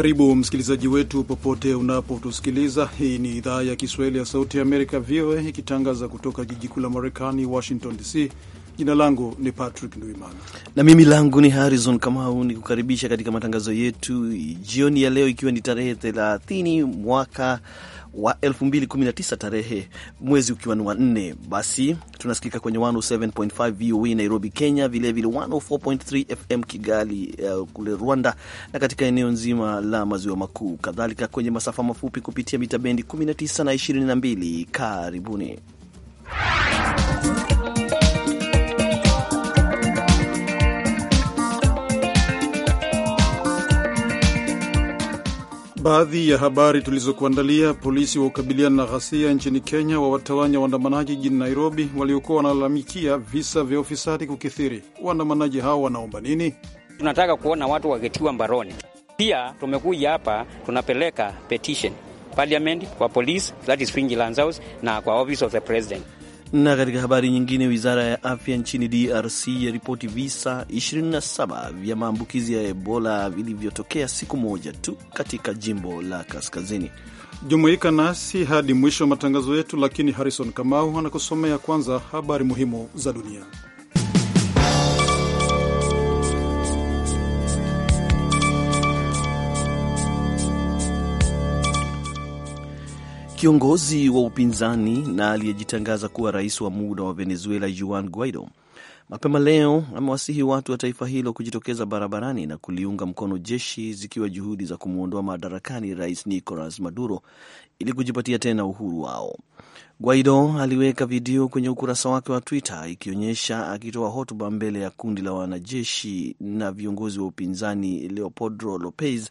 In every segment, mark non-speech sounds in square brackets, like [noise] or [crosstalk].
Karibu msikilizaji wetu popote unapotusikiliza. Hii ni idhaa ya Kiswahili ya Sauti ya Amerika, VOA, ikitangaza kutoka jiji kuu la Marekani, Washington DC. Jina langu ni Patrick Ndwimana na mimi langu ni Harrison Kamau, ni kukaribisha katika matangazo yetu jioni ya leo, ikiwa ni tarehe 30 mwaka wa 2019 tarehe mwezi ukiwa ni wa nne. Basi tunasikika kwenye 107.5 VOA e Nairobi, Kenya, vilevile 104.3 FM Kigali uh, kule Rwanda na katika eneo nzima la maziwa makuu, kadhalika kwenye masafa mafupi kupitia mita bendi 19 na 22. Karibuni Baadhi ya habari tulizokuandalia: polisi wa kukabiliana na ghasia nchini Kenya wawatawanya waandamanaji jijini Nairobi waliokuwa wanalalamikia visa vya ufisadi kukithiri. Waandamanaji hao wanaomba nini? Tunataka kuona watu wakitiwa mbaroni. Pia tumekuja hapa, tunapeleka petition parliament, kwa police that is House na kwa office of the president. Na katika habari nyingine, wizara ya afya nchini DRC yaripoti visa 27 vya maambukizi ya Ebola vilivyotokea siku moja tu katika jimbo la kaskazini. Jumuika nasi hadi mwisho wa matangazo yetu, lakini Harrison Kamau anakusomea kwanza habari muhimu za dunia. Kiongozi wa upinzani na aliyejitangaza kuwa rais wa muda wa Venezuela Juan Guaido mapema leo amewasihi watu wa taifa hilo kujitokeza barabarani na kuliunga mkono jeshi, zikiwa juhudi za kumwondoa madarakani rais Nicolas Maduro ili kujipatia tena uhuru wao. Guaido aliweka video kwenye ukurasa wake wa Twitter ikionyesha akitoa hotuba mbele ya kundi la wanajeshi na viongozi wa upinzani Leopoldo Lopez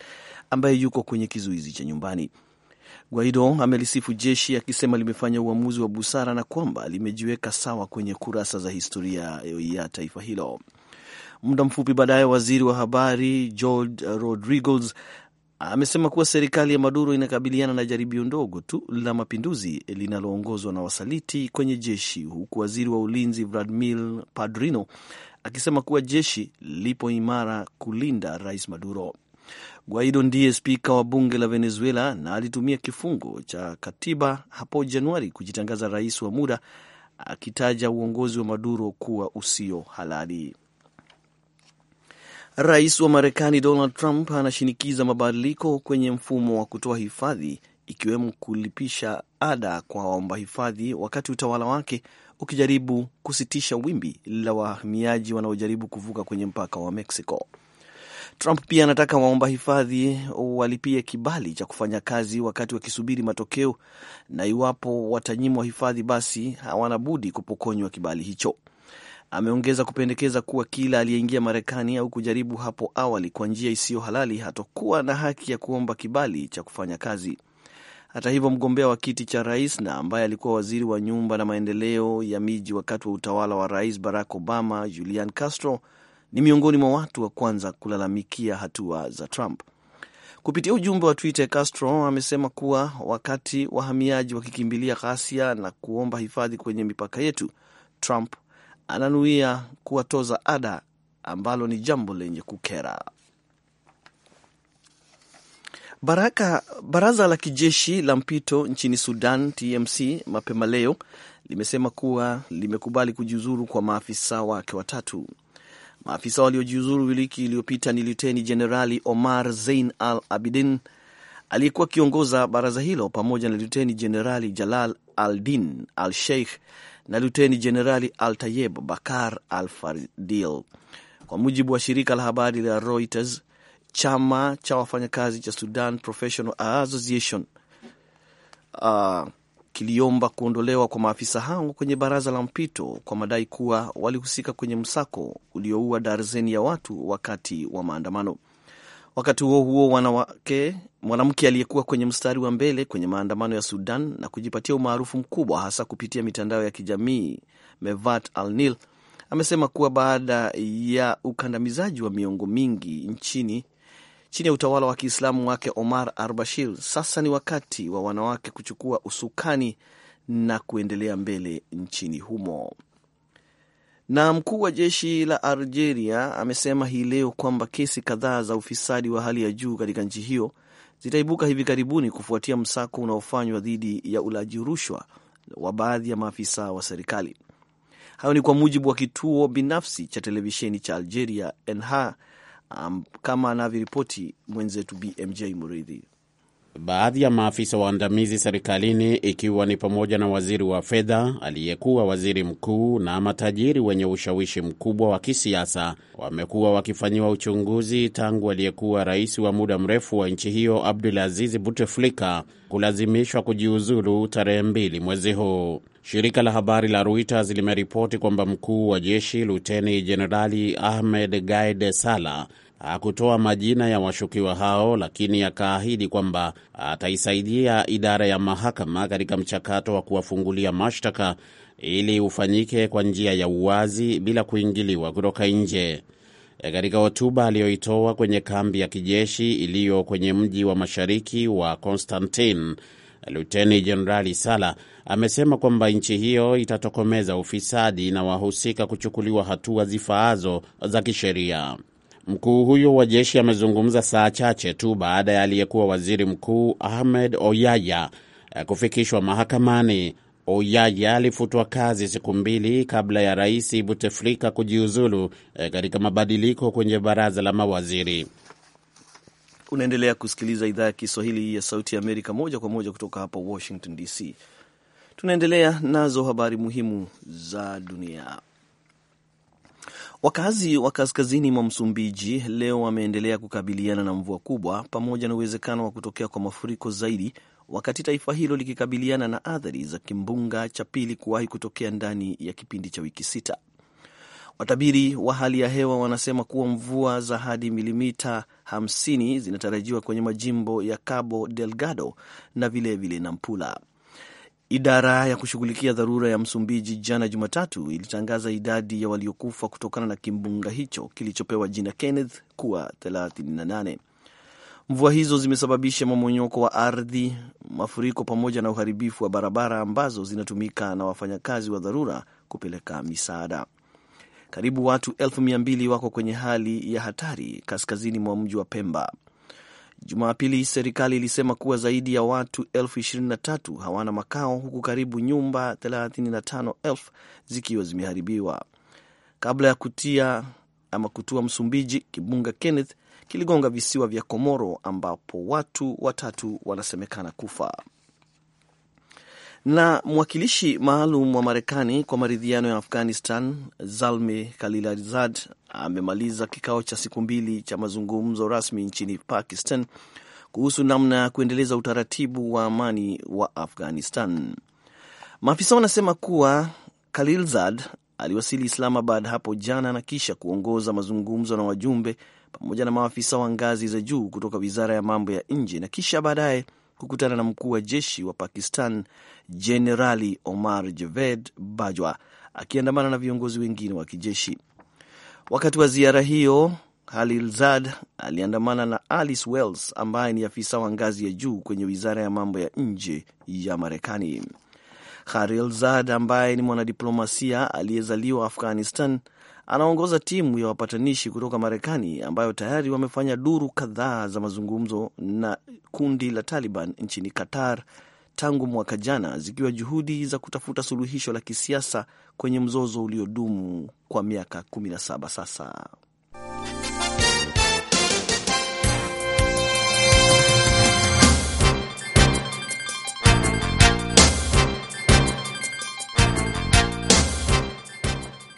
ambaye yuko kwenye kizuizi cha nyumbani. Guaido amelisifu jeshi akisema limefanya uamuzi wa busara na kwamba limejiweka sawa kwenye kurasa za historia ya taifa hilo. Muda mfupi baadaye, waziri wa habari George Rodriguez amesema kuwa serikali ya Maduro inakabiliana na jaribio ndogo tu la mapinduzi linaloongozwa na wasaliti kwenye jeshi, huku waziri wa ulinzi Vladimir Padrino akisema kuwa jeshi lipo imara kulinda rais Maduro. Guaido ndiye spika wa bunge la Venezuela na alitumia kifungo cha katiba hapo Januari kujitangaza rais wa muda, akitaja uongozi wa Maduro kuwa usio halali. Rais wa Marekani Donald Trump anashinikiza mabadiliko kwenye mfumo wa kutoa hifadhi ikiwemo kulipisha ada kwa waomba hifadhi, wakati utawala wake ukijaribu kusitisha wimbi la wahamiaji wanaojaribu kuvuka kwenye mpaka wa Mexico. Trump pia anataka waomba hifadhi walipie kibali cha kufanya kazi wakati wakisubiri matokeo, na iwapo watanyimwa hifadhi, basi hawana budi kupokonywa kibali hicho. Ameongeza kupendekeza kuwa kila aliyeingia Marekani au kujaribu hapo awali kwa njia isiyo halali hatakuwa na haki ya kuomba kibali cha kufanya kazi. Hata hivyo, mgombea wa kiti cha rais na ambaye alikuwa waziri wa nyumba na maendeleo ya miji wakati wa utawala wa Rais Barack Obama, Julian Castro ni miongoni mwa watu wa kwanza kulalamikia hatua za Trump. Kupitia ujumbe wa Twitter, Castro amesema kuwa wakati wahamiaji wakikimbilia ghasia na kuomba hifadhi kwenye mipaka yetu, Trump ananuia kuwatoza ada, ambalo ni jambo lenye kukera. Baraka, baraza la kijeshi la mpito nchini Sudan TMC mapema leo limesema kuwa limekubali kujiuzuru kwa maafisa wake watatu. Maafisa waliojiuzuru wiki iliyopita ni Luteni Jenerali Omar Zein Al Abidin aliyekuwa akiongoza baraza hilo pamoja na Luteni Jenerali Jalal Aldin Al Sheikh na Luteni Jenerali Al Tayeb Bakar Al Fardil, kwa mujibu wa shirika la habari la Reuters. Chama cha wafanyakazi cha Sudan Professional Association uh, kiliomba kuondolewa kwa maafisa hao kwenye baraza la mpito kwa madai kuwa walihusika kwenye msako ulioua darzeni ya watu wakati wa maandamano. Wakati huo huo, wanawake mwanamke aliyekuwa kwenye mstari wa mbele kwenye maandamano ya Sudan na kujipatia umaarufu mkubwa hasa kupitia mitandao ya kijamii Mevat Al-Nil amesema kuwa baada ya ukandamizaji wa miongo mingi nchini chini ya utawala wa Kiislamu wake Omar al-Bashir. Sasa ni wakati wa wanawake kuchukua usukani na kuendelea mbele nchini humo. Na mkuu wa jeshi la Algeria amesema hii leo kwamba kesi kadhaa za ufisadi wa hali ya juu katika nchi hiyo zitaibuka hivi karibuni kufuatia msako unaofanywa dhidi ya ulaji rushwa wa baadhi ya maafisa wa serikali. Hayo ni kwa mujibu wa kituo binafsi cha televisheni cha Algeria Enha um, kama anavyoripoti mwenzetu BMJ Muridhi. Baadhi ya maafisa waandamizi serikalini ikiwa ni pamoja na waziri wa fedha, aliyekuwa waziri mkuu na matajiri wenye ushawishi mkubwa wa kisiasa wamekuwa wakifanyiwa uchunguzi tangu aliyekuwa rais wa muda mrefu wa nchi hiyo Abdulaziz Buteflika kulazimishwa kujiuzulu tarehe mbili mwezi huu. Shirika la habari la Reuters limeripoti kwamba mkuu wa jeshi Luteni Jenerali Ahmed Gaide Sala hakutoa majina ya washukiwa hao, lakini akaahidi kwamba ataisaidia idara ya mahakama katika mchakato wa kuwafungulia mashtaka ili ufanyike kwa njia ya uwazi bila kuingiliwa kutoka nje. Katika hotuba aliyoitoa kwenye kambi ya kijeshi iliyo kwenye mji wa mashariki wa Constantine, Luteni Jenerali Sala amesema kwamba nchi hiyo itatokomeza ufisadi na wahusika kuchukuliwa hatua zifaazo za kisheria. Mkuu huyo wa jeshi amezungumza saa chache tu baada ya aliyekuwa waziri mkuu Ahmed Oyaya eh, kufikishwa mahakamani. Oyaya alifutwa kazi siku mbili kabla ya rais Buteflika kujiuzulu eh, katika mabadiliko kwenye baraza la mawaziri. Unaendelea kusikiliza idhaa ya Kiswahili ya Sauti ya Amerika moja kwa moja kutoka hapa Washington DC. Tunaendelea nazo habari muhimu za dunia. Wakazi wa kaskazini mwa Msumbiji leo wameendelea kukabiliana na mvua kubwa pamoja na uwezekano wa kutokea kwa mafuriko zaidi, wakati taifa hilo likikabiliana na athari za kimbunga cha pili kuwahi kutokea ndani ya kipindi cha wiki sita. Watabiri wa hali ya hewa wanasema kuwa mvua za hadi milimita 50 zinatarajiwa kwenye majimbo ya Cabo Delgado na vilevile vile Nampula. Idara ya kushughulikia dharura ya Msumbiji jana Jumatatu ilitangaza idadi ya waliokufa kutokana na kimbunga hicho kilichopewa jina Kenneth kuwa 38. Mvua hizo zimesababisha mamonyoko wa ardhi, mafuriko pamoja na uharibifu wa barabara ambazo zinatumika na wafanyakazi wa dharura kupeleka misaada. Karibu watu elfu mia mbili wako kwenye hali ya hatari kaskazini mwa mji wa Pemba. Jumapili serikali ilisema kuwa zaidi ya watu elfu ishirini na tatu hawana makao huku karibu nyumba thelathini na tano elfu zikiwa zimeharibiwa. Kabla ya kutia ama kutua Msumbiji, kibunga Kenneth kiligonga visiwa vya Komoro ambapo watu watatu wanasemekana kufa. Na mwakilishi maalum wa Marekani kwa maridhiano ya Afghanistan, zalme Khalilzad, amemaliza kikao cha siku mbili cha mazungumzo rasmi nchini Pakistan kuhusu namna ya kuendeleza utaratibu wa amani wa Afghanistan. Maafisa wanasema kuwa Khalilzad aliwasili Islamabad hapo jana na kisha kuongoza mazungumzo na wajumbe pamoja na maafisa wa ngazi za juu kutoka wizara ya mambo ya nje na kisha baadaye kukutana na mkuu wa jeshi wa Pakistan Jenerali Omar Javed Bajwa akiandamana na viongozi wengine wa kijeshi. Wakati wa ziara hiyo, Khalilzad aliandamana na Alice Wells ambaye ni afisa wa ngazi ya juu kwenye wizara ya mambo ya nje ya Marekani. Khalilzad ambaye ni mwanadiplomasia aliyezaliwa Afghanistan anaongoza timu ya wapatanishi kutoka Marekani ambayo tayari wamefanya duru kadhaa za mazungumzo na kundi la Taliban nchini Qatar tangu mwaka jana, zikiwa juhudi za kutafuta suluhisho la kisiasa kwenye mzozo uliodumu kwa miaka 17 sasa.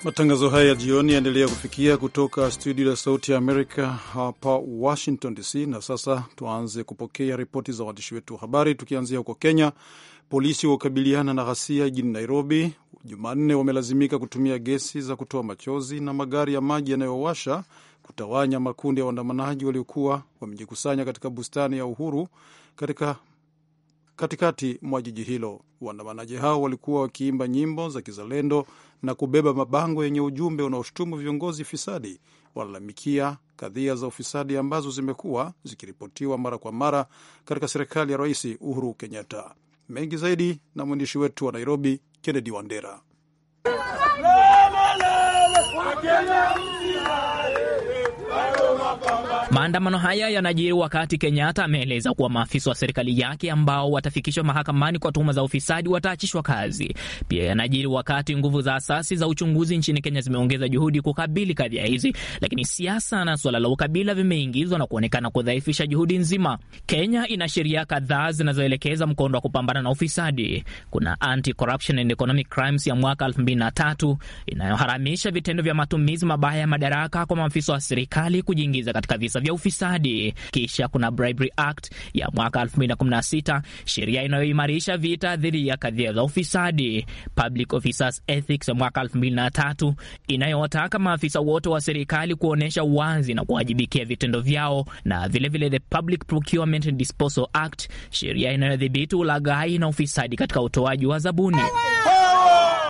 Matangazo haya ya jioni yaendelea kufikia kutoka studio la Sauti ya Amerika hapa Washington DC. Na sasa tuanze kupokea ripoti za waandishi wetu wa habari, tukianzia huko Kenya. Polisi wakabiliana na ghasia jijini Nairobi Jumanne wamelazimika kutumia gesi za kutoa machozi na magari ya maji yanayowasha kutawanya makundi ya waandamanaji waliokuwa wamejikusanya katika bustani ya Uhuru katika katikati mwa jiji hilo. Waandamanaji hao walikuwa wakiimba nyimbo za kizalendo na kubeba mabango yenye ujumbe unaoshutumu viongozi fisadi. walalamikia kadhia za ufisadi ambazo zimekuwa zikiripotiwa mara kwa mara katika serikali ya Rais Uhuru Kenyatta. Mengi zaidi na mwandishi wetu wa Nairobi, Kennedy Wandera. Maandamano haya yanajiri wakati Kenyatta ameeleza kuwa maafisa wa serikali yake ambao watafikishwa mahakamani kwa tuhuma za ufisadi wataachishwa kazi. Pia yanajiri wakati nguvu za asasi za uchunguzi nchini Kenya zimeongeza juhudi kukabili kadhia hizi, lakini siasa na suala la ukabila vimeingizwa na kuonekana kudhaifisha juhudi nzima. Kenya ina sheria kadhaa zinazoelekeza mkondo wa kupambana na ufisadi. Kuna Anti-Corruption and Economic Crimes ya mwaka 2003 inayoharamisha vitendo vya matumizi mabaya ya madaraka kwa maafisa wa serikali kujiingiza katika visa vya ufisadi. Kisha kuna Bribery Act ya mwaka 2016, sheria inayoimarisha vita dhidi ya kadhia za ufisadi, Public Officers Ethics ya mwaka 2003, inayowataka maafisa wote wa serikali kuonyesha wazi na kuwajibikia vitendo vyao, na vilevile vile the Public Procurement and Disposal Act, sheria inayodhibiti ulaghai na ufisadi katika utoaji wa zabuni.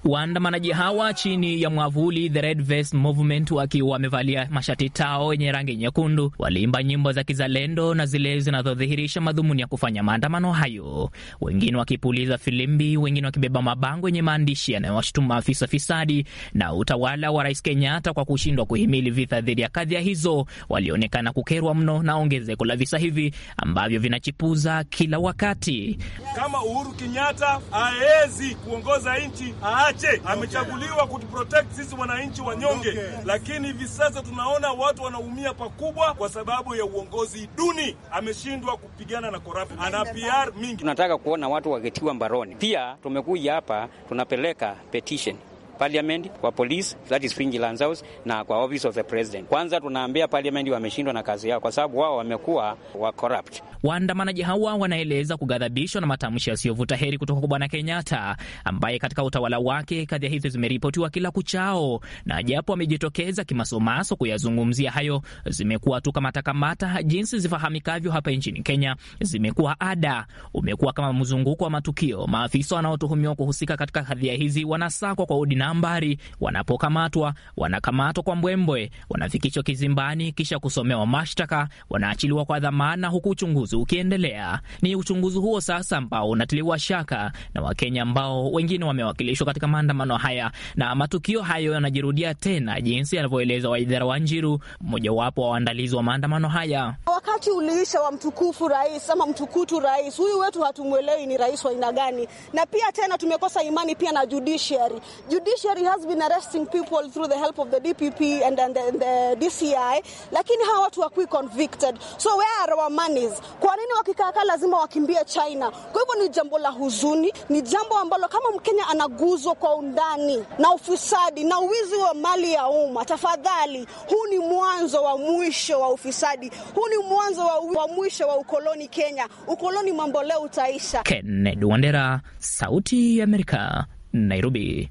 Waandamanaji hawa chini ya mwavuli The Red Vest Movement, wakiwa wamevalia mashati tao yenye rangi nyekundu, waliimba nyimbo za kizalendo na zile zinazodhihirisha madhumuni ya kufanya maandamano hayo, wengine wakipuliza filimbi, wengine wakibeba mabango yenye maandishi yanayowashtuma maafisa fisadi na utawala wa Rais Kenyatta kwa kushindwa kuhimili vita dhidi ya kadhia hizo. Walionekana kukerwa mno na ongezeko la visa hivi ambavyo vinachipuza kila wakati. Kama Uhuru Kenyatta aezi kuongoza nchi wachache amechaguliwa kutuprotect sisi wananchi wanyonge, okay. Lakini hivi sasa tunaona watu wanaumia pakubwa kwa sababu ya uongozi duni. Ameshindwa kupigana na korapti, ana PR mingi. Tunataka kuona watu wakitiwa mbaroni. Pia tumekuja hapa tunapeleka petition parliament, kwa police that is Fingerlands House na kwa office of the president. Kwanza tunaambia parliament wameshindwa na kazi yao kwa sababu wao wamekuwa wa corrupt. Waandamanaji hawa wanaeleza kugadhabishwa na matamshi yasiyovuta heri kutoka kwa bwana Kenyatta ambaye katika utawala wake kadhia hizo zimeripotiwa kila kuchao, na japo amejitokeza kimasomaso kuyazungumzia hayo, zimekuwa tu kama takamata jinsi zifahamikavyo hapa nchini Kenya, zimekuwa ada, umekuwa kama mzunguko wa matukio. Maafisa wanaotuhumiwa kuhusika katika kadhia hizi wanasakwa kwa udina ambari wanapokamatwa, wanakamatwa kwa mbwembwe, wanafikishwa kizimbani, kisha kusomewa mashtaka, wanaachiliwa kwa dhamana, huku uchunguzi ukiendelea. Ni uchunguzi huo sasa ambao unatiliwa shaka na Wakenya ambao wengine wamewakilishwa katika maandamano haya, na matukio hayo yanajirudia tena, jinsi yanavyoeleza Waidhara wa Njiru, mmojawapo wa waandalizi wa maandamano haya. Wakati uliisha wa mtukufu rais ama mtukutu rais, huyu wetu hatumwelewi ni rais wa aina gani, na pia tena tumekosa imani pia na judiciary. Judiciary judiciary has been arresting people through the help of the DPP and, and the, the DCI, lakini hawa watu hawakuwi convicted. So where are our monies? Kwa nini wakikaa lazima wakimbie China? Kwa hivyo ni jambo la huzuni, ni jambo ambalo kama Mkenya anaguzwa kwa undani na ufisadi na uwizi wa mali ya umma, tafadhali, huu ni mwanzo wa mwisho wa ufisadi, huu ni mwanzo wa, wa mwisho wa ukoloni Kenya. Ukoloni mambo leo utaisha. Kennedy Wandera, Sauti ya Amerika, Nairobi.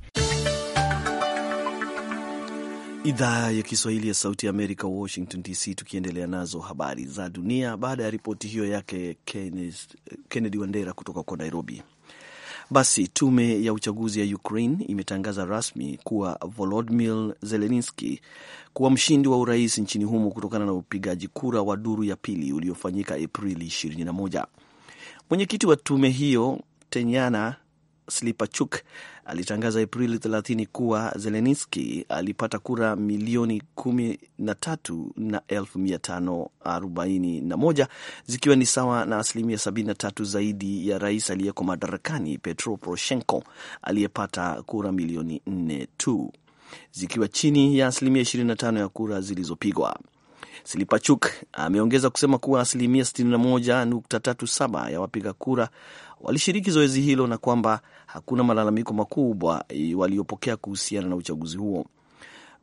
Idhaa ya Kiswahili ya Sauti ya Amerika, Washington DC, tukiendelea nazo habari za dunia baada ya ripoti hiyo yake Kennedy Wandera kutoka kwa Nairobi. Basi tume ya uchaguzi ya Ukraine imetangaza rasmi kuwa Volodymyr Zelensky kuwa mshindi wa urais nchini humo kutokana na upigaji kura wa duru ya pili uliofanyika Aprili 21. Mwenyekiti wa tume hiyo Tenyana Slipachuk alitangaza Aprili 30 kuwa Zeleniski alipata kura milioni 13 na elfu 541 zikiwa ni sawa na asilimia 73 zaidi ya rais aliyeko madarakani Petro Poroshenko aliyepata kura milioni 4 tu, zikiwa chini ya asilimia 25 ya kura zilizopigwa. Slipachuk ameongeza kusema kuwa asilimia 61.37 ya wapiga kura walishiriki zoezi hilo na kwamba hakuna malalamiko makubwa waliopokea kuhusiana na uchaguzi huo.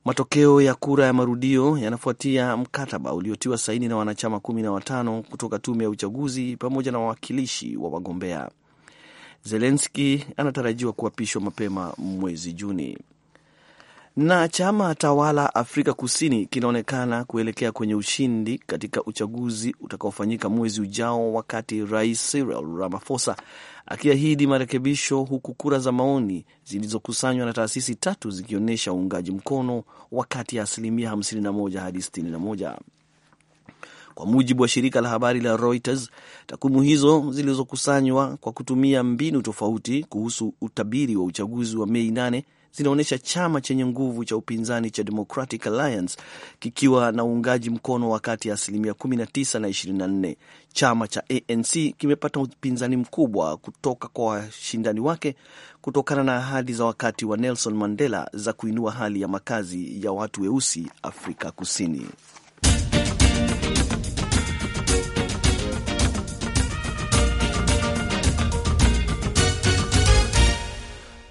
Matokeo ya kura ya marudio yanafuatia mkataba uliotiwa saini na wanachama kumi na watano kutoka tume ya uchaguzi pamoja na wawakilishi wa wagombea. Zelenski anatarajiwa kuapishwa mapema mwezi Juni. Na chama tawala Afrika Kusini kinaonekana kuelekea kwenye ushindi katika uchaguzi utakaofanyika mwezi ujao, wakati Rais Cyril Ramaphosa akiahidi marekebisho, huku kura za maoni zilizokusanywa na taasisi tatu zikionyesha uungaji mkono wa kati ya asilimia 51 hadi 61. Kwa mujibu wa shirika la habari la Reuters, takwimu hizo zilizokusanywa kwa kutumia mbinu tofauti kuhusu utabiri wa uchaguzi wa Mei 8 zinaonyesha chama chenye nguvu cha upinzani cha Democratic Alliance kikiwa na uungaji mkono wa kati ya asilimia 19 na 24. Chama cha ANC kimepata upinzani mkubwa kutoka kwa washindani wake kutokana na ahadi za wakati wa Nelson Mandela za kuinua hali ya makazi ya watu weusi Afrika Kusini.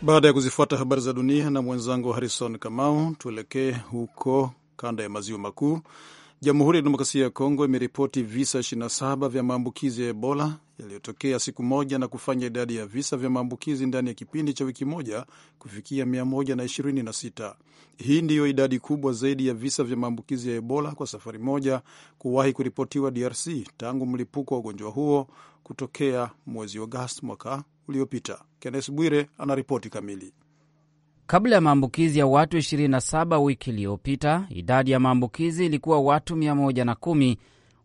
Baada ya kuzifuata habari za dunia na mwenzangu Harrison Kamau, tuelekee huko kanda ya maziwa makuu. Jamhuri ya Demokrasia ya Kongo imeripoti visa 27 vya maambukizi ya Ebola yaliyotokea siku moja na kufanya idadi ya visa vya maambukizi ndani ya kipindi cha wiki moja kufikia 126. Hii ndiyo idadi kubwa zaidi ya visa vya maambukizi ya Ebola kwa safari moja kuwahi kuripotiwa DRC tangu mlipuko wa ugonjwa huo kutokea mwezi Agosti mwaka uliopita. Kennes Bwire anaripoti kamili. Kabla ya maambukizi ya watu 27 wiki iliyopita, idadi ya maambukizi ilikuwa watu 110.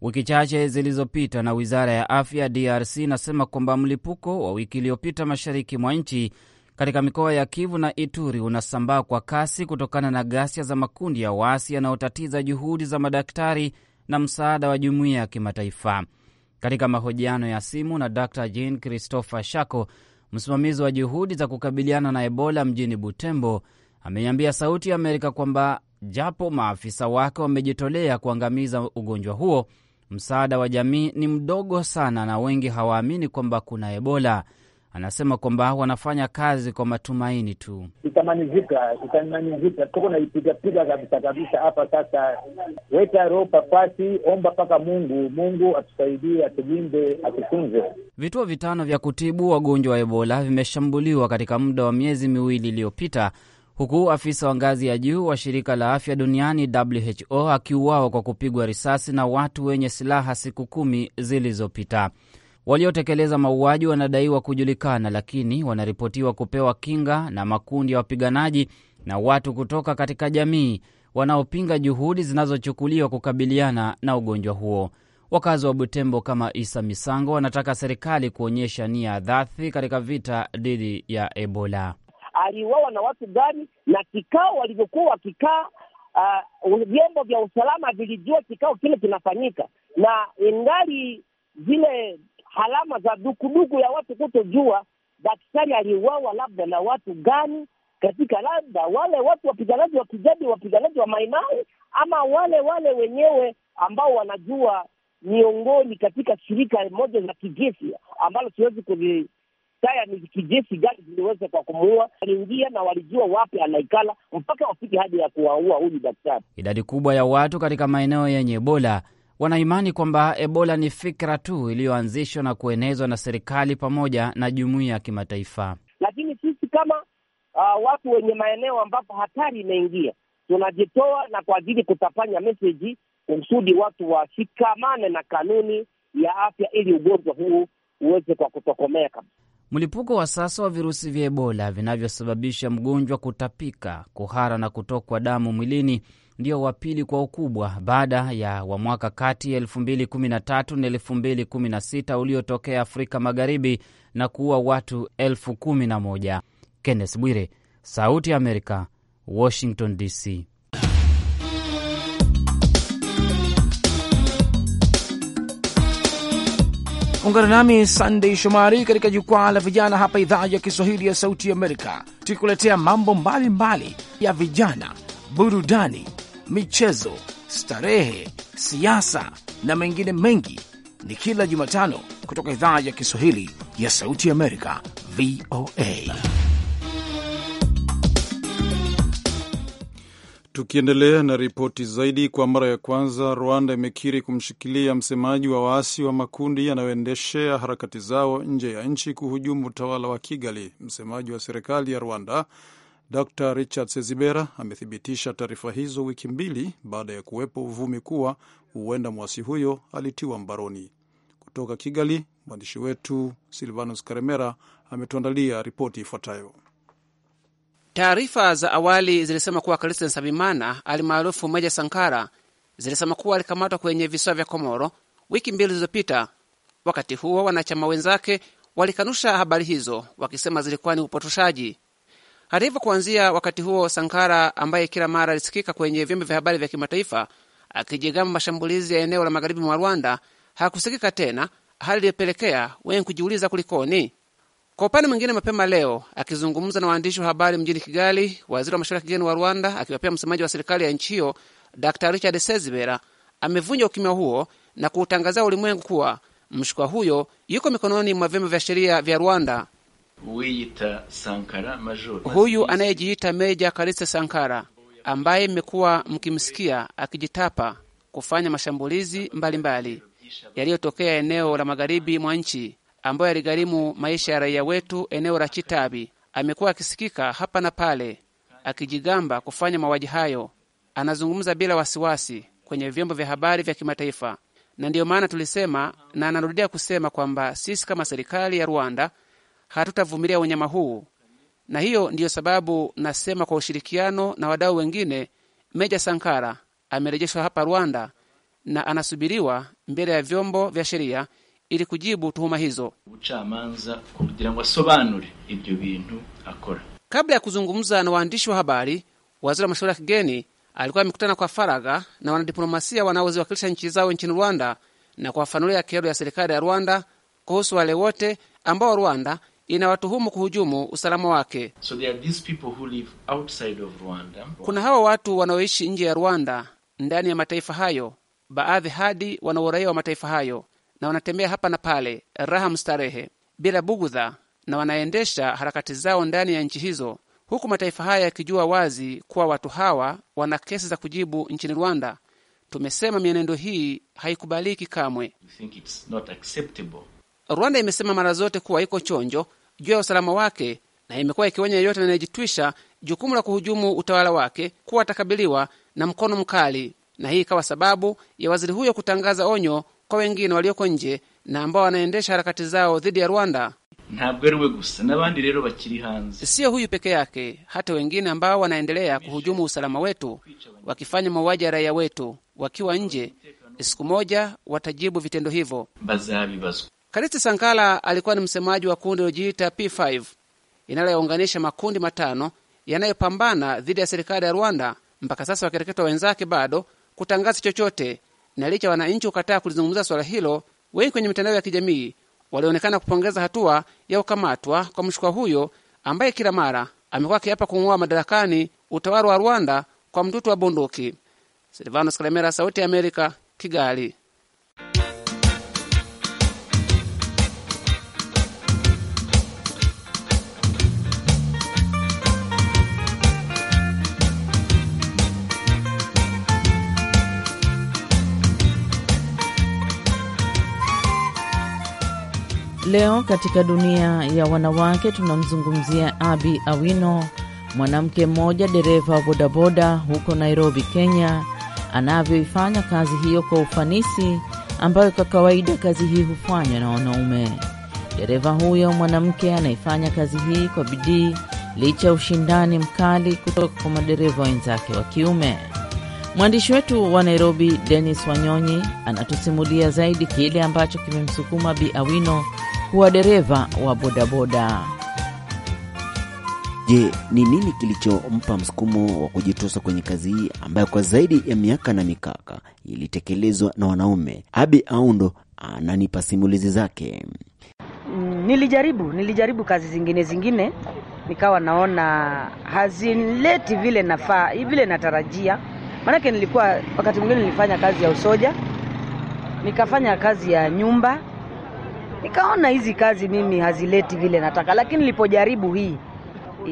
Wiki chache zilizopita, na wizara ya afya DRC inasema kwamba mlipuko wa wiki iliyopita mashariki mwa nchi katika mikoa ya Kivu na Ituri unasambaa kwa kasi kutokana na ghasia za makundi ya waasi yanayotatiza juhudi za madaktari na msaada wa jumuiya ya kimataifa. Katika mahojiano ya simu na Dr Jean Christopher Shako, msimamizi wa juhudi za kukabiliana na Ebola mjini Butembo, ameiambia Sauti ya Amerika kwamba japo maafisa wake wamejitolea kuangamiza ugonjwa huo, msaada wa jamii ni mdogo sana na wengi hawaamini kwamba kuna Ebola. Anasema kwamba wanafanya kazi kwa matumaini tu. itamanizika itamanizika tuko naipigapiga kabisa kabisa hapa sasa. Weka roho papasi, omba mpaka Mungu, Mungu atusaidie, atulinde, atutunze. Vituo vitano vya kutibu wagonjwa wa Ebola vimeshambuliwa katika muda wa miezi miwili iliyopita, huku afisa wa ngazi ya juu wa shirika la afya duniani WHO akiuawa kwa kupigwa risasi na watu wenye silaha siku kumi zilizopita. Waliotekeleza mauaji wanadaiwa kujulikana, lakini wanaripotiwa kupewa kinga na makundi ya wapiganaji na watu kutoka katika jamii wanaopinga juhudi zinazochukuliwa kukabiliana na ugonjwa huo. Wakazi wa Butembo kama Isa Misango wanataka serikali kuonyesha nia dhati katika vita dhidi ya Ebola. Aliuawa na watu gani? Na kikao walivyokuwa wakikaa uh, vyombo vya usalama vilijua kikao kile kinafanyika, na ingali zile halama za dukuduku ya watu kutojua daktari aliuawa labda na watu gani katika labda wale watu wapiganaji wa kijadi, wapiganaji wa Maimai, ama wale wale wenyewe ambao wanajua miongoni katika shirika moja za kijeshi ambalo siwezi kulitaya ni kijeshi gani ziliweza kwa kumuua. Waliingia na walijua wapi anaikala mpaka wafike hadi ya kuwaua huyu daktari. Idadi kubwa ya watu katika maeneo yenye Ebola wanaimani kwamba Ebola ni fikra tu iliyoanzishwa na kuenezwa na serikali pamoja na jumuiya ya kimataifa. Lakini sisi kama uh, watu wenye maeneo ambapo hatari imeingia, tunajitoa na kwa ajili kutafanya meseji kusudi watu washikamane na kanuni ya afya ili ugonjwa huu uweze kwa kutokomea kabisa. Mlipuko wa sasa wa virusi vya Ebola vinavyosababisha mgonjwa kutapika, kuhara na kutokwa damu mwilini ndio wa pili kwa ukubwa baada ya wa mwaka kati ya 2013 na 2016 uliotokea Afrika Magharibi na kuua watu 11 kennes Kenneth Bwire, Sauti ya Amerika, Washington DC. Ungana nami Sandei Shomari katika jukwaa la vijana hapa idhaa ya Kiswahili ya Sauti ya Amerika, tukikuletea mambo mbalimbali mbali ya vijana, burudani michezo, starehe, siasa na mengine mengi ni kila Jumatano kutoka idhaa ya Kiswahili ya Sauti Amerika, VOA. Tukiendelea na ripoti zaidi, kwa mara ya kwanza Rwanda imekiri kumshikilia msemaji wa waasi wa makundi yanayoendeshea harakati zao nje ya nchi kuhujumu utawala wa Kigali. Msemaji wa serikali ya Rwanda Dr Richard Sezibera amethibitisha taarifa hizo wiki mbili baada ya kuwepo uvumi kuwa huenda mwasi huyo alitiwa mbaroni. Kutoka Kigali, mwandishi wetu Silvanus Karemera ametuandalia ripoti ifuatayo. Taarifa za awali zilisema kuwa Kristen Sabimana alimaarufu Meja Sankara zilisema kuwa alikamatwa kwenye visiwa vya Komoro wiki mbili zilizopita. Wakati huo wanachama wenzake walikanusha habari hizo, wakisema zilikuwa ni upotoshaji. Hata hivyo, kuanzia wakati huo Sankara, ambaye kila mara alisikika kwenye vyombo vya habari vya kimataifa akijigamba mashambulizi ya eneo la magharibi mwa Rwanda, hakusikika tena, hali iliyopelekea wengi kujiuliza kulikoni. Kwa upande mwingine, mapema leo akizungumza na waandishi wa habari mjini Kigali, waziri wa mashauri ya kigeni wa Rwanda akiwa pia msemaji wa serikali ya nchi hiyo Dr Richard Sezibera amevunja ukimya huo na kuutangazia ulimwengu kuwa mshukiwa huyo yuko mikononi mwa vyombo vya sheria vya Rwanda huyu anayejiita Meja Karisa Sankara ambaye mmekuwa mkimsikia akijitapa kufanya mashambulizi mbalimbali yaliyotokea eneo la magharibi mwa nchi ambayo yaligharimu maisha ya raia wetu eneo la Chitabi, amekuwa akisikika hapa na pale akijigamba kufanya mauaji hayo. Anazungumza bila wasiwasi kwenye vyombo vya habari vya kimataifa, na ndiyo maana tulisema na anarudia kusema kwamba sisi kama serikali ya Rwanda hatutavumilia unyama huu, na hiyo ndiyo sababu nasema kwa ushirikiano na wadau wengine, Meja Sankara amerejeshwa hapa Rwanda na anasubiriwa mbele ya vyombo vya sheria ili kujibu tuhuma hizo. Kabla ya kuzungumza na waandishi wa habari, waziri wa mashauri ya kigeni alikuwa amekutana kwa faragha na wanadiplomasia wanaoziwakilisha nchi zao nchini Rwanda na kuwafanulia kero ya serikali ya Rwanda kuhusu wale wote ambao Rwanda inawatuhumu kuhujumu usalama wake. So there are these people who live outside of Rwanda. Kuna hawa watu wanaoishi nje ya Rwanda, ndani ya mataifa hayo, baadhi hadi wana uraia wa mataifa hayo, na wanatembea hapa na pale, raha mstarehe, bila bugudha, na wanaendesha harakati zao ndani ya nchi hizo, huku mataifa haya yakijua wazi kuwa watu hawa wana kesi za kujibu nchini Rwanda. Tumesema mienendo hii haikubaliki kamwe. We think it's not acceptable. Rwanda imesema mara zote kuwa iko chonjo juu ya usalama wake na imekuwa ikionya yeyote anayejitwisha jukumu la kuhujumu utawala wake kuwa atakabiliwa na mkono mkali, na hii ikawa sababu ya waziri huyo kutangaza onyo kwa wengine walioko nje na ambao wanaendesha harakati zao dhidi ya Rwanda. Siyo huyu peke yake, hata wengine ambao wanaendelea kuhujumu usalama wetu, wakifanya mauaji ya raia wetu wakiwa nje, siku moja watajibu vitendo hivyo. Karisti Sankala alikuwa ni msemaji wa kundi lilojiita P5 inaloyaunganisha makundi matano yanayopambana dhidi ya serikali ya Rwanda, mpaka sasa wakereketwa wenzake bado kutangaza chochote, na licha wananchi kukataa kulizungumza swala hilo, wengi kwenye mitandao ya kijamii walionekana kupongeza hatua ya kukamatwa kwa mshukwa huyo ambaye kila mara amekuwa akiapa kung'oa madarakani utawala wa Rwanda kwa mtutu wa bunduki. Silvanos Kalemera, Sauti ya Amerika, Kigali. Leo katika dunia ya wanawake tunamzungumzia Abi Awino, mwanamke mmoja dereva wa bodaboda huko Nairobi, Kenya, anavyoifanya kazi hiyo kwa ufanisi, ambayo kwa kawaida kazi hii hufanywa na wanaume. Dereva huyo mwanamke anaifanya kazi hii kwa bidii licha ya ushindani mkali kutoka kwa madereva wenzake wa kiume. Mwandishi wetu wa Nairobi Dennis Wanyonyi anatusimulia zaidi kile ambacho kimemsukuma Bi Awino kuwa dereva wa bodaboda. Je, ni nini kilichompa msukumo wa kujitosa kwenye kazi hii ambayo kwa zaidi ya miaka na mikaka ilitekelezwa na wanaume? Abi Aundo ananipa simulizi zake. Nilijaribu, nilijaribu kazi zingine zingine, nikawa naona hazileti vile nafaa vile natarajia. Maanake nilikuwa wakati mwingine nilifanya kazi ya usoja, nikafanya kazi ya nyumba Nikaona hizi kazi mimi hazileti vile nataka, lakini nilipojaribu hii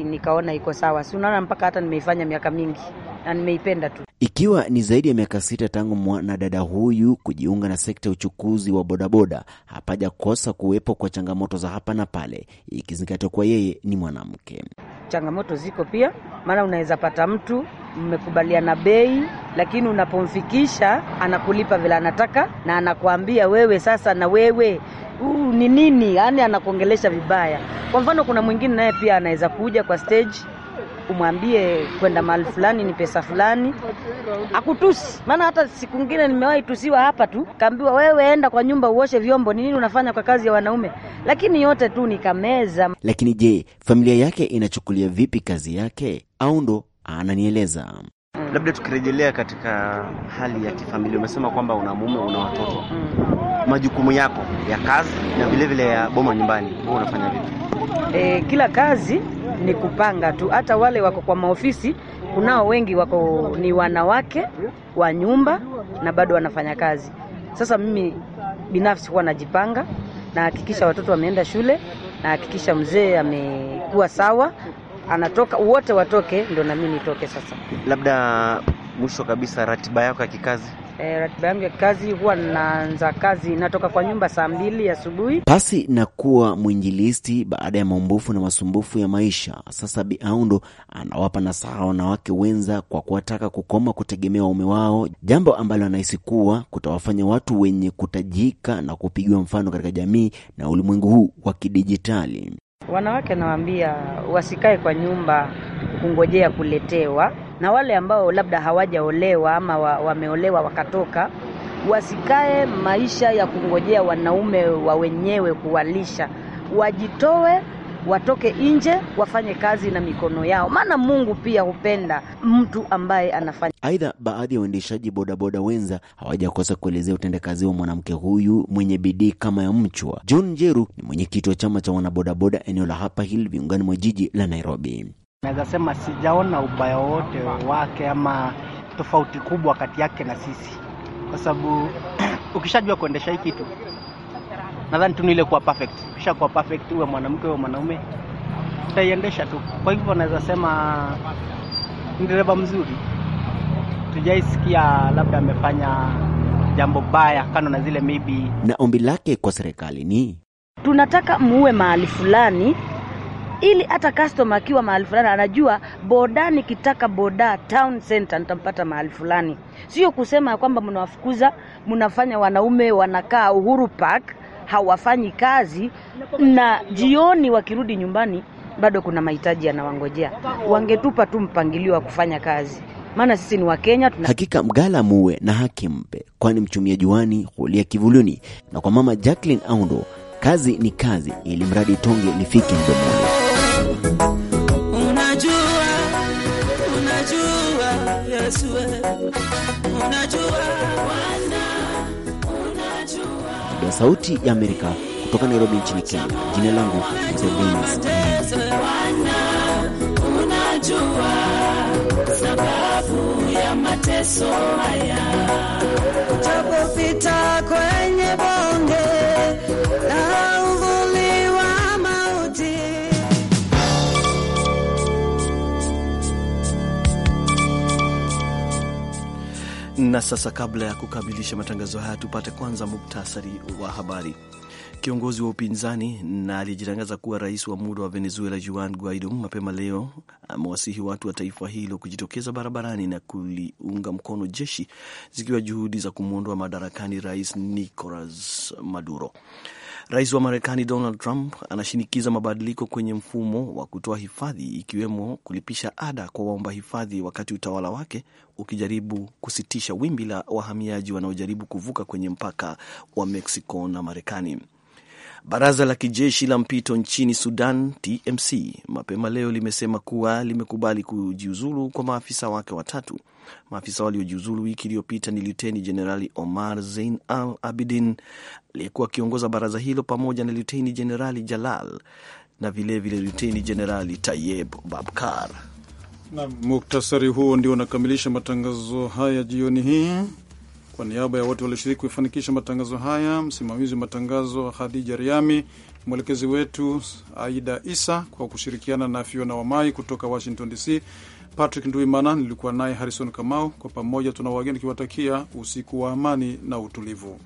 nikaona iko sawa, si unaona, mpaka hata nimeifanya miaka mingi na nimeipenda tu. Ikiwa ni zaidi ya miaka sita tangu mwanadada huyu kujiunga na sekta ya uchukuzi wa bodaboda, hapajakosa kuwepo kwa changamoto za hapa na pale, ikizingatiwa kuwa yeye ni mwanamke. Changamoto ziko pia, maana unaweza pata mtu mmekubaliana bei, lakini unapomfikisha anakulipa vile anataka na anakuambia wewe sasa, na wewe huu ni nini? Yani anakuongelesha vibaya. Kwa mfano, kuna mwingine naye pia anaweza kuja kwa stage umwambie kwenda mahali fulani ni pesa fulani, akutusi. Maana hata siku ngine nimewahi tusiwa hapa tu, kaambiwa wewe enda kwa nyumba uoshe vyombo, ni nini unafanya kwa kazi ya wanaume? Lakini yote tu nikameza. Lakini je, familia yake inachukulia vipi kazi yake, au ndo ananieleza. Labda tukirejelea katika hali ya kifamilia, umesema kwamba una mume, una watoto, mm. majukumu yako ya kazi na vilevile ya boma nyumbani, wewe unafanya vipi? E, kila kazi ni kupanga tu. Hata wale wako kwa maofisi kunao wengi wako ni wanawake wa nyumba na bado wanafanya kazi. Sasa mimi binafsi huwa najipanga, nahakikisha watoto wameenda shule, nahakikisha mzee amekuwa sawa, anatoka, wote watoke, ndo nami nitoke. Sasa labda mwisho kabisa, ratiba yako ya kikazi? E, ratiba yangu ya kazi huwa naanza kazi, natoka kwa nyumba saa mbili asubuhi. Pasi na kuwa mwinjilisti baada ya maumbufu na masumbufu ya maisha, sasa biaundo anawapa nasaha wanawake wenza kwa kuwataka kukoma kutegemea waume wao, jambo ambalo anahisi kuwa kutawafanya watu wenye kutajika na kupigiwa mfano katika jamii na ulimwengu huu wa kidijitali. Wanawake nawaambia wasikae kwa nyumba kungojea kuletewa, na wale ambao labda hawajaolewa ama wa, wameolewa wakatoka, wasikae maisha ya kungojea wanaume wa wenyewe kuwalisha, wajitoe watoke nje wafanye kazi na mikono yao, maana Mungu pia hupenda mtu ambaye anafanya. Aidha, baadhi ya waendeshaji bodaboda wenza hawajakosa kuelezea utendakazi wa mwanamke huyu mwenye bidii kama ya mchwa. John Jeru ni mwenyekiti wa chama cha wanabodaboda eneo la hapa Hill viungani mwa jiji la Nairobi. Naweza sema sijaona ubaya wote wake ama tofauti kubwa kati yake na sisi, kwa sababu [clears throat] ukishajua kuendesha hii kitu nadhani tu ni ile kuwa perfect. Kisha kuwa perfect, uwe mwanamke uwe mwanaume, utaiendesha tu. Kwa hivyo naweza sema ni dereva mzuri, tujaisikia labda amefanya jambo baya kando na zile maybe. Na ombi lake kwa serikali ni tunataka muue mahali fulani ili hata customer akiwa mahali fulani anajua boda, nikitaka boda town center nitampata mahali fulani. Sio kusema kwamba mnawafukuza, mnafanya wanaume wanakaa Uhuru Park hawafanyi kazi, na jioni wakirudi nyumbani bado kuna mahitaji yanawangojea. Wangetupa tu mpangilio wa kufanya kazi, maana sisi ni Wakenya tuna... Hakika mgala muwe na haki mpe, kwani mchumia juani hulia kivuluni. Na kwa mama Jacqueline Aundo, kazi ni kazi, ili mradi tonge lifike mdomoni. Sauti ya Amerika kutoka Nairobi nchini Kenya. Jina langu Mzee Benz. Na sasa kabla ya kukamilisha matangazo haya, tupate kwanza muktasari wa habari. Kiongozi wa upinzani na aliyejitangaza kuwa rais wa muda wa Venezuela Juan Guaido mapema leo amewasihi watu wa taifa hilo kujitokeza barabarani na kuliunga mkono jeshi, zikiwa juhudi za kumwondoa madarakani rais Nicolas Maduro. Rais wa Marekani Donald Trump anashinikiza mabadiliko kwenye mfumo wa kutoa hifadhi ikiwemo kulipisha ada kwa waomba hifadhi, wakati utawala wake ukijaribu kusitisha wimbi la wahamiaji wanaojaribu kuvuka kwenye mpaka wa Mexico na Marekani. Baraza la kijeshi la mpito nchini Sudan TMC mapema leo limesema kuwa limekubali kujiuzulu kwa maafisa wake watatu Maafisa waliojiuzulu wiki iliyopita ni Luteni Jenerali Omar Zein Al Abidin aliyekuwa akiongoza baraza hilo pamoja na Luteni Jenerali Jalal na vilevile Luteni Jenerali Tayeb Babkar. Na muktasari huo ndio unakamilisha matangazo haya jioni hii. Kwa niaba ya wote walioshiriki kufanikisha matangazo haya, msimamizi wa matangazo hadija Riami, mwelekezi wetu Aida Isa kwa kushirikiana na Fiona Wamai kutoka Washington DC. Patrick nduimana nilikuwa naye Harrison Kamau. Kwa pamoja tuna wageni kiwatakia usiku wa amani na utulivu.